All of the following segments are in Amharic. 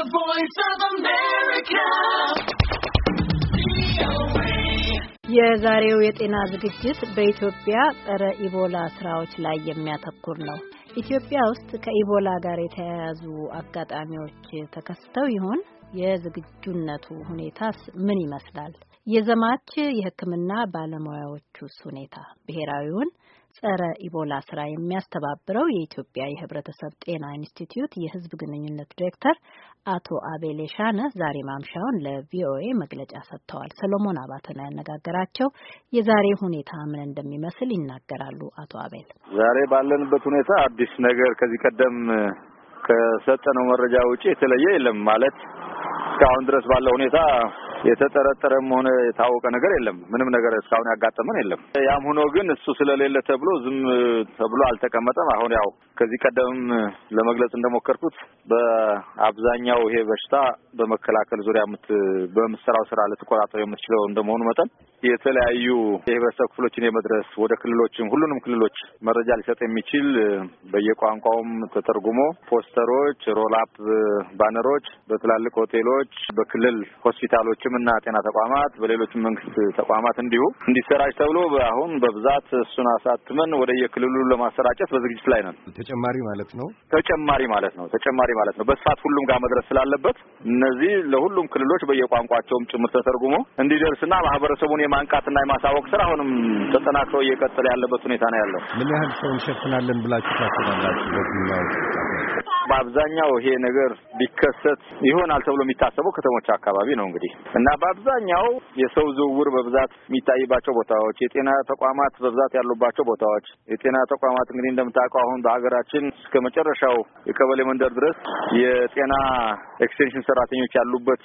The voice of America. የዛሬው የጤና ዝግጅት በኢትዮጵያ ጸረ ኢቦላ ስራዎች ላይ የሚያተኩር ነው። ኢትዮጵያ ውስጥ ከኢቦላ ጋር የተያያዙ አጋጣሚዎች ተከስተው ይሆን? የዝግጁነቱ ሁኔታስ ምን ይመስላል? የዘማች የሕክምና ባለሙያዎቹስ ሁኔታ ብሔራዊውን ጸረ ኢቦላ ስራ የሚያስተባብረው የኢትዮጵያ የህብረተሰብ ጤና ኢንስቲትዩት የህዝብ ግንኙነት ዲሬክተር አቶ አቤሌ ሻነ ዛሬ ማምሻውን ለቪኦኤ መግለጫ ሰጥተዋል። ሰሎሞን አባተ ነው ያነጋገራቸው። የዛሬ ሁኔታ ምን እንደሚመስል ይናገራሉ። አቶ አቤል ዛሬ ባለንበት ሁኔታ አዲስ ነገር ከዚህ ቀደም ከሰጠነው መረጃ ውጪ የተለየ የለም ማለት እስካሁን ድረስ ባለው ሁኔታ የተጠረጠረም ሆነ የታወቀ ነገር የለም። ምንም ነገር እስካሁን ያጋጠመን የለም። ያም ሆኖ ግን እሱ ስለሌለ ተብሎ ዝም ተብሎ አልተቀመጠም። አሁን ያው ከዚህ ቀደም ለመግለጽ እንደሞከርኩት በአብዛኛው ይሄ በሽታ በመከላከል ዙሪያ በምሰራው ስራ ልትቆጣጠር የምትችለው እንደመሆኑ መጠን የተለያዩ የህብረተሰብ ክፍሎችን የመድረስ ወደ ክልሎችም ሁሉንም ክልሎች መረጃ ሊሰጥ የሚችል በየቋንቋውም ተተርጉሞ ፖስተሮች፣ ሮላፕ ባነሮች በትላልቅ ሆቴሎች፣ በክልል ሆስፒታሎችም እና ጤና ተቋማት በሌሎችም መንግስት ተቋማት እንዲሁ እንዲሰራጭ ተብሎ አሁን በብዛት እሱን አሳትመን ወደ የክልሉ ለማሰራጨት በዝግጅት ላይ ነን። ተጨማሪ ማለት ነው ተጨማሪ ማለት ነው ተጨማሪ ማለት ነው። በስፋት ሁሉም ጋር መድረስ ስላለበት እነዚህ ለሁሉም ክልሎች በየቋንቋቸውም ጭምር ተተርጉሞ እንዲደርስና ማህበረሰቡን የማንቃትና የማሳወቅ ስራ አሁንም ተጠናክሮ እየቀጠለ ያለበት ሁኔታ ነው ያለው። ምን ያህል ሰው እንሸፍናለን ብላችሁ ታስባላችሁ? በአብዛኛው ይሄ ነገር ቢከሰት ይሆናል ተብሎ የሚታሰበው ከተሞች አካባቢ ነው እንግዲህ እና በአብዛኛው የሰው ዝውውር በብዛት የሚታይባቸው ቦታዎች፣ የጤና ተቋማት በብዛት ያሉባቸው ቦታዎች የጤና ተቋማት እንግዲህ እንደምታውቀው አሁን በሀገራችን እስከ መጨረሻው የቀበሌ መንደር ድረስ የጤና ኤክስቴንሽን ሰራተኞች ያሉበት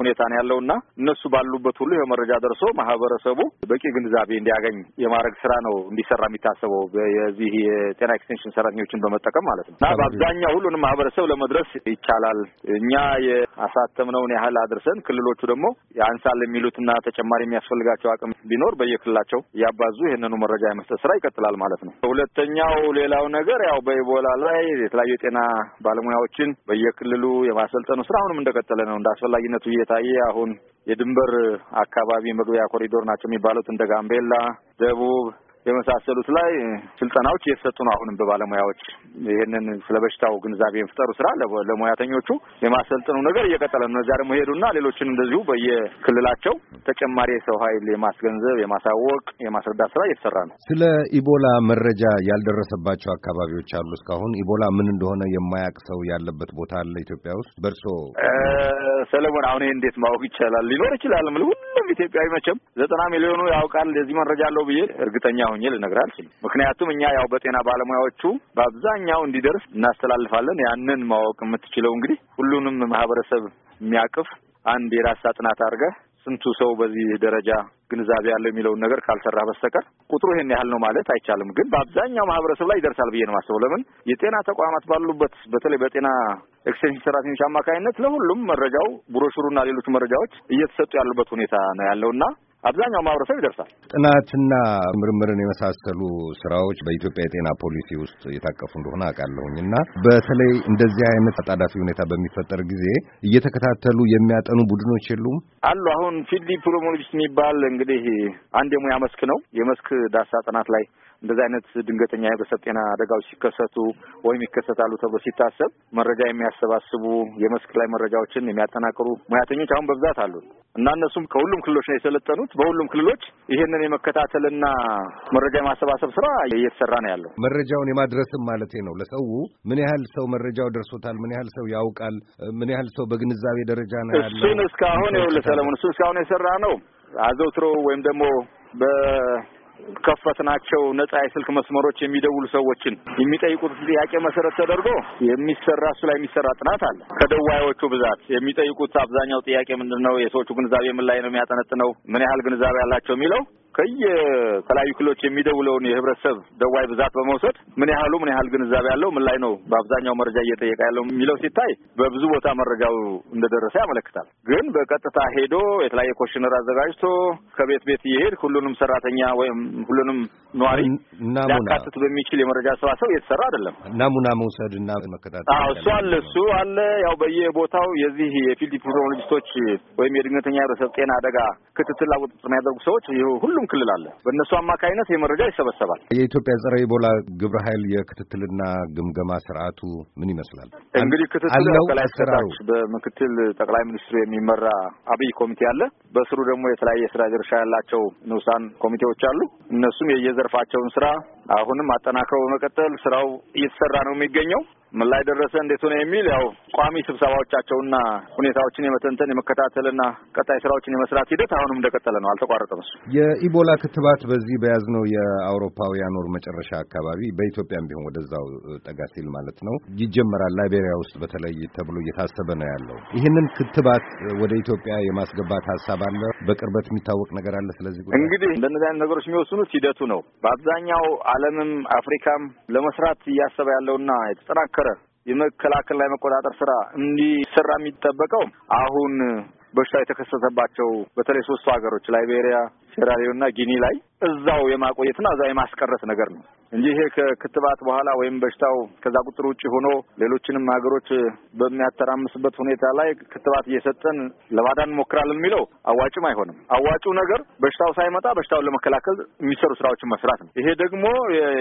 ሁኔታ ነው ያለው እና እነሱ ባሉበት ሁሉ ይህ መረጃ ደርሶ ማህበረሰቡ በቂ ግንዛቤ እንዲያገኝ የማድረግ ስራ ነው እንዲሰራ የሚታሰበው የዚህ የጤና ኤክስቴንሽን ሰራተኞችን በመጠቀም ማለት ነው እና በአብዛኛው ሁሉንም ማህበረሰብ ለመድረስ ይቻላል። እኛ የአሳተምነውን ያህል አድርሰን ክልሎቹ ደግሞ የአንሳል የሚሉትና ተጨማሪ የሚያስፈልጋቸው አቅም ቢኖር በየክልላቸው እያባዙ ይህንኑ መረጃ የመስጠት ስራ ይቀጥላል ማለት ነው። ሁለተኛው ሌላው ነገር ያው በኢቦላ ላይ የተለያዩ የጤና ባለሙያዎችን በየክልሉ የማሰልጠኑ ስራ አሁንም እንደቀጠለ ነው። እንደ አስፈላጊነቱ እየታየ አሁን የድንበር አካባቢ መግቢያ ኮሪዶር ናቸው የሚባሉት እንደ ጋምቤላ፣ ደቡብ የመሳሰሉት ላይ ስልጠናዎች እየተሰጡ ነው። አሁንም በባለሙያዎች ይህንን ስለ በሽታው ግንዛቤ የመፍጠሩ ስራ ለሙያተኞቹ የማሰልጠኑ ነገር እየቀጠለ ነው። እነዚያ ደግሞ ሄዱና ሌሎችን እንደዚሁ በየክልላቸው ተጨማሪ የሰው ኃይል የማስገንዘብ፣ የማሳወቅ፣ የማስረዳት ስራ እየተሰራ ነው። ስለ ኢቦላ መረጃ ያልደረሰባቸው አካባቢዎች አሉ። እስካሁን ኢቦላ ምን እንደሆነ የማያውቅ ሰው ያለበት ቦታ አለ ኢትዮጵያ ውስጥ በእርሶ ሰለሞን? አሁን ይህ እንዴት ማወቅ ይቻላል? ሊኖር ይችላል ምልሁ ኢትዮጵያዊ መቼም ዘጠና ሚሊዮኑ ያውቃል እንደዚህ መረጃ አለው ብዬ እርግጠኛ ሆኜ ልነግር አልችልም። ምክንያቱም እኛ ያው በጤና ባለሙያዎቹ በአብዛኛው እንዲደርስ እናስተላልፋለን። ያንን ማወቅ የምትችለው እንግዲህ ሁሉንም ማህበረሰብ የሚያቅፍ አንድ የራሳ ጥናት አድርገህ ስንቱ ሰው በዚህ ደረጃ ግንዛቤ ያለው የሚለውን ነገር ካልሰራ በስተቀር ቁጥሩ ይሄን ያህል ነው ማለት አይቻልም። ግን በአብዛኛው ማህበረሰብ ላይ ይደርሳል ብዬ ነው ማስበው። ለምን የጤና ተቋማት ባሉበት በተለይ በጤና ኤክስቴንሽን ሰራተኞች አማካኝነት ለሁሉም መረጃው ብሮሹሩና ሌሎች መረጃዎች እየተሰጡ ያሉበት ሁኔታ ነው ያለውና አብዛኛው ማህበረሰብ ይደርሳል። ጥናትና ምርምርን የመሳሰሉ ስራዎች በኢትዮጵያ የጤና ፖሊሲ ውስጥ የታቀፉ እንደሆነ አውቃለሁኝ እና በተለይ እንደዚህ አይነት አጣዳፊ ሁኔታ በሚፈጠር ጊዜ እየተከታተሉ የሚያጠኑ ቡድኖች የሉም አሉ። አሁን ፊልድ ፒሮሞሎጂስት የሚባል እንግዲህ አንድ የሙያ መስክ ነው። የመስክ ዳሳ ጥናት ላይ እንደዚህ አይነት ድንገተኛ የህብረተሰብ ጤና አደጋዎች ሲከሰቱ ወይም ይከሰታሉ ተብሎ ሲታሰብ መረጃ የሚያሰባስቡ የመስክ ላይ መረጃዎችን የሚያጠናቅሩ ሙያተኞች አሁን በብዛት አሉ እና እነሱም ከሁሉም ክልሎች ነው የሰለጠኑት። በሁሉም ክልሎች ይሄንን የመከታተልና መረጃ የማሰባሰብ ስራ እየተሰራ ነው ያለው። መረጃውን የማድረስም ማለት ነው ለሰው ምን ያህል ሰው መረጃው ደርሶታል፣ ምን ያህል ሰው ያውቃል፣ ምን ያህል ሰው በግንዛቤ ደረጃ ነው ያለው። እሱን እስካሁን ይኸውልህ ሰለሞን፣ እሱን እስካሁን የሰራ ነው አዘውትሮ ወይም ደግሞ ከፈትናቸው ነጻ የስልክ መስመሮች የሚደውሉ ሰዎችን የሚጠይቁት ጥያቄ መሰረት ተደርጎ የሚሰራ እሱ ላይ የሚሰራ ጥናት አለ። ከደዋዮቹ ብዛት የሚጠይቁት አብዛኛው ጥያቄ ምንድን ነው፣ የሰዎቹ ግንዛቤ ምን ላይ ነው የሚያጠነጥነው፣ ምን ያህል ግንዛቤ አላቸው የሚለው ከየተለያዩ ክልሎች የሚደውለውን የህብረተሰብ ደዋይ ብዛት በመውሰድ ምን ያህሉ ምን ያህል ግንዛቤ ያለው ምን ላይ ነው በአብዛኛው መረጃ እየጠየቀ ያለው የሚለው ሲታይ በብዙ ቦታ መረጃው እንደደረሰ ያመለክታል። ግን በቀጥታ ሄዶ የተለያየ ኮሽነር አዘጋጅቶ ከቤት ቤት እየሄድ ሁሉንም ሰራተኛ ወይም ሁሉንም ነዋሪ ሊያካትት በሚችል የመረጃ ሰባሰብ እየተሰራ አይደለም። ናሙና መውሰድ እና መከታተል እሱ አለ እሱ አለ። ያው በየቦታው የዚህ የፊልድ ፕሮቶኮሎጂስቶች ወይም የድንገተኛ ህብረተሰብ ጤና አደጋ ክትትል ላቁጥጥር የሚያደርጉ ሰዎች ሁሉም ሁሉም ክልል አለ። በእነሱ አማካኝነት ይህ መረጃ ይሰበሰባል። የኢትዮጵያ ጸረ ኢቦላ ግብረ ኃይል የክትትልና ግምገማ ስርዓቱ ምን ይመስላል? እንግዲህ ክትትል ከላይ እስከታች በምክትል ጠቅላይ ሚኒስትሩ የሚመራ አብይ ኮሚቴ አለ። በስሩ ደግሞ የተለያየ ስራ ድርሻ ያላቸው ንዑሳን ኮሚቴዎች አሉ። እነሱም የየዘርፋቸውን ስራ አሁንም አጠናክረው በመቀጠል ስራው እየተሰራ ነው የሚገኘው። ምን ላይ ደረሰ እንዴት ሆነ የሚል ያው ቋሚ ስብሰባዎቻቸውና ሁኔታዎችን የመተንተን የመከታተልና ቀጣይ ስራዎችን የመስራት ሂደት አሁንም እንደቀጠለ ነው፣ አልተቋረጠም። እሱ የኢቦላ ክትባት በዚህ በያዝነው የአውሮፓውያን ወር መጨረሻ አካባቢ በኢትዮጵያም ቢሆን ወደዛው ጠጋ ሲል ማለት ነው ይጀመራል። ላይቤሪያ ውስጥ በተለይ ተብሎ እየታሰበ ነው ያለው። ይህንን ክትባት ወደ ኢትዮጵያ የማስገባት ሀሳብ አለ፣ በቅርበት የሚታወቅ ነገር አለ። ስለዚህ እንግዲህ እንደነዚህ አይነት ነገሮች የሚወስኑት ሂደቱ ነው። በአብዛኛው ዓለምም አፍሪካም ለመስራት እያሰበ ያለውና የተጠናከ የመከላከል የመከላከልና የመቆጣጠር ስራ እንዲሰራ የሚጠበቀው አሁን በሽታ የተከሰተባቸው በተለይ ሶስቱ ሀገሮች ላይቤሪያ፣ ሴራሊዮንና ጊኒ ላይ እዛው የማቆየትና እዛ የማስቀረት ነገር ነው እንጂ ይሄ ከክትባት በኋላ ወይም በሽታው ከዛ ቁጥር ውጭ ሆኖ ሌሎችንም ሀገሮች በሚያተራምስበት ሁኔታ ላይ ክትባት እየሰጠን ለማዳን እንሞክራለን የሚለው አዋጭም አይሆንም። አዋጩ ነገር በሽታው ሳይመጣ በሽታውን ለመከላከል የሚሰሩ ስራዎችን መስራት ነው። ይሄ ደግሞ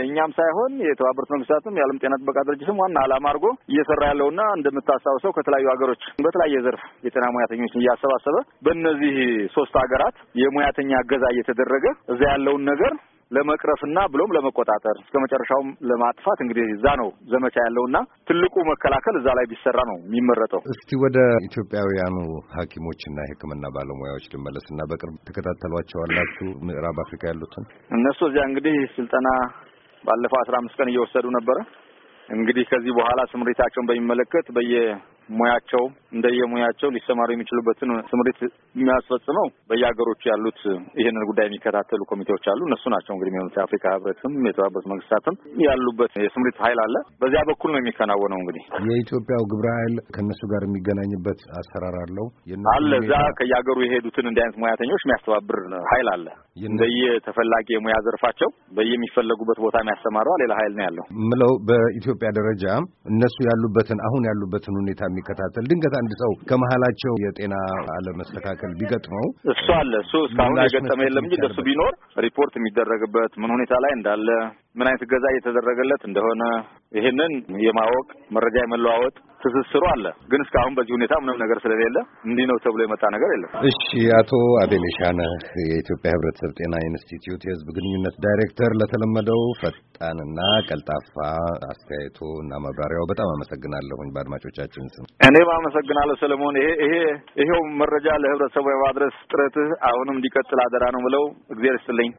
እኛም ሳይሆን የተባበሩት መንግስታትም የዓለም ጤና ጥበቃ ድርጅትም ዋና ዓላማ አድርጎ እየሰራ ያለውና እንደምታስታውሰው ከተለያዩ ሀገሮች በተለያየ ዘርፍ የጤና ሙያተኞችን እያሰባሰበ በእነዚህ ሶስት ሀገራት የሙያተኛ እገዛ እገዛ እየተደረገ እዛ ያለውን ነገር ለመቅረፍና ብሎም ለመቆጣጠር እስከ መጨረሻውም ለማጥፋት እንግዲህ እዛ ነው ዘመቻ ያለውና ትልቁ መከላከል እዛ ላይ ቢሰራ ነው የሚመረጠው። እስቲ ወደ ኢትዮጵያውያኑ ሐኪሞችና የሕክምና ባለሙያዎች ልመለስና በቅርብ ተከታተሏቸዋላችሁ ምዕራብ አፍሪካ ያሉትን እነሱ እዚያ እንግዲህ ስልጠና ባለፈው አስራ አምስት ቀን እየወሰዱ ነበረ። እንግዲህ ከዚህ በኋላ ስምሪታቸውን በሚመለከት በየሙያቸው እንደየሙያቸው ሊሰማሩ የሚችሉበትን ስምሪት የሚያስፈጽመው በየሀገሮቹ ያሉት ይህንን ጉዳይ የሚከታተሉ ኮሚቴዎች አሉ። እነሱ ናቸው እንግዲህ የሚሆኑት። የአፍሪካ ህብረትም የተባበሩት መንግስታትም ያሉበት የስምሪት ኃይል አለ። በዚያ በኩል ነው የሚከናወነው። እንግዲህ የኢትዮጵያው ግብረ ኃይል ከእነሱ ጋር የሚገናኝበት አሰራር አለው አለ። እዛ ከየሀገሩ የሄዱትን እንዲህ አይነት ሙያተኞች የሚያስተባብር ኃይል አለ። እንደየ ተፈላጊ የሙያ ዘርፋቸው በየሚፈለጉበት ቦታ የሚያሰማረዋ ሌላ ኃይል ነው ያለው ምለው በኢትዮጵያ ደረጃ እነሱ ያሉበትን አሁን ያሉበትን ሁኔታ የሚከታተል ድንገት አንድ ሰው ከመሀላቸው የጤና አለመስተካከል ቢገጥመው እሱ አለ እሱ እስካሁን የገጠመ የለም እንጂ ለእሱ ቢኖር ሪፖርት የሚደረግበት ምን ሁኔታ ላይ እንዳለ ምን አይነት እገዛ እየተደረገለት እንደሆነ ይህንን የማወቅ መረጃ የመለዋወጥ ትስስሩ አለ። ግን እስካሁን በዚህ ሁኔታ ምንም ነገር ስለሌለ እንዲህ ነው ተብሎ የመጣ ነገር የለም። እሺ፣ አቶ አቤል የኢትዮጵያ ሕብረተሰብ ጤና ኢንስቲትዩት የህዝብ ግንኙነት ዳይሬክተር፣ ለተለመደው ፈጣንና ቀልጣፋ አስተያየቶ እና ማብራሪያው በጣም አመሰግናለሁኝ። በአድማጮቻችን ስም እኔም አመሰግናለሁ ሰለሞን። ይሄ ይሄ ይሄው መረጃ ለህብረተሰቡ የማድረስ ጥረትህ አሁንም እንዲቀጥል አደራ ነው ብለው እግዜር ይስጥልኝ።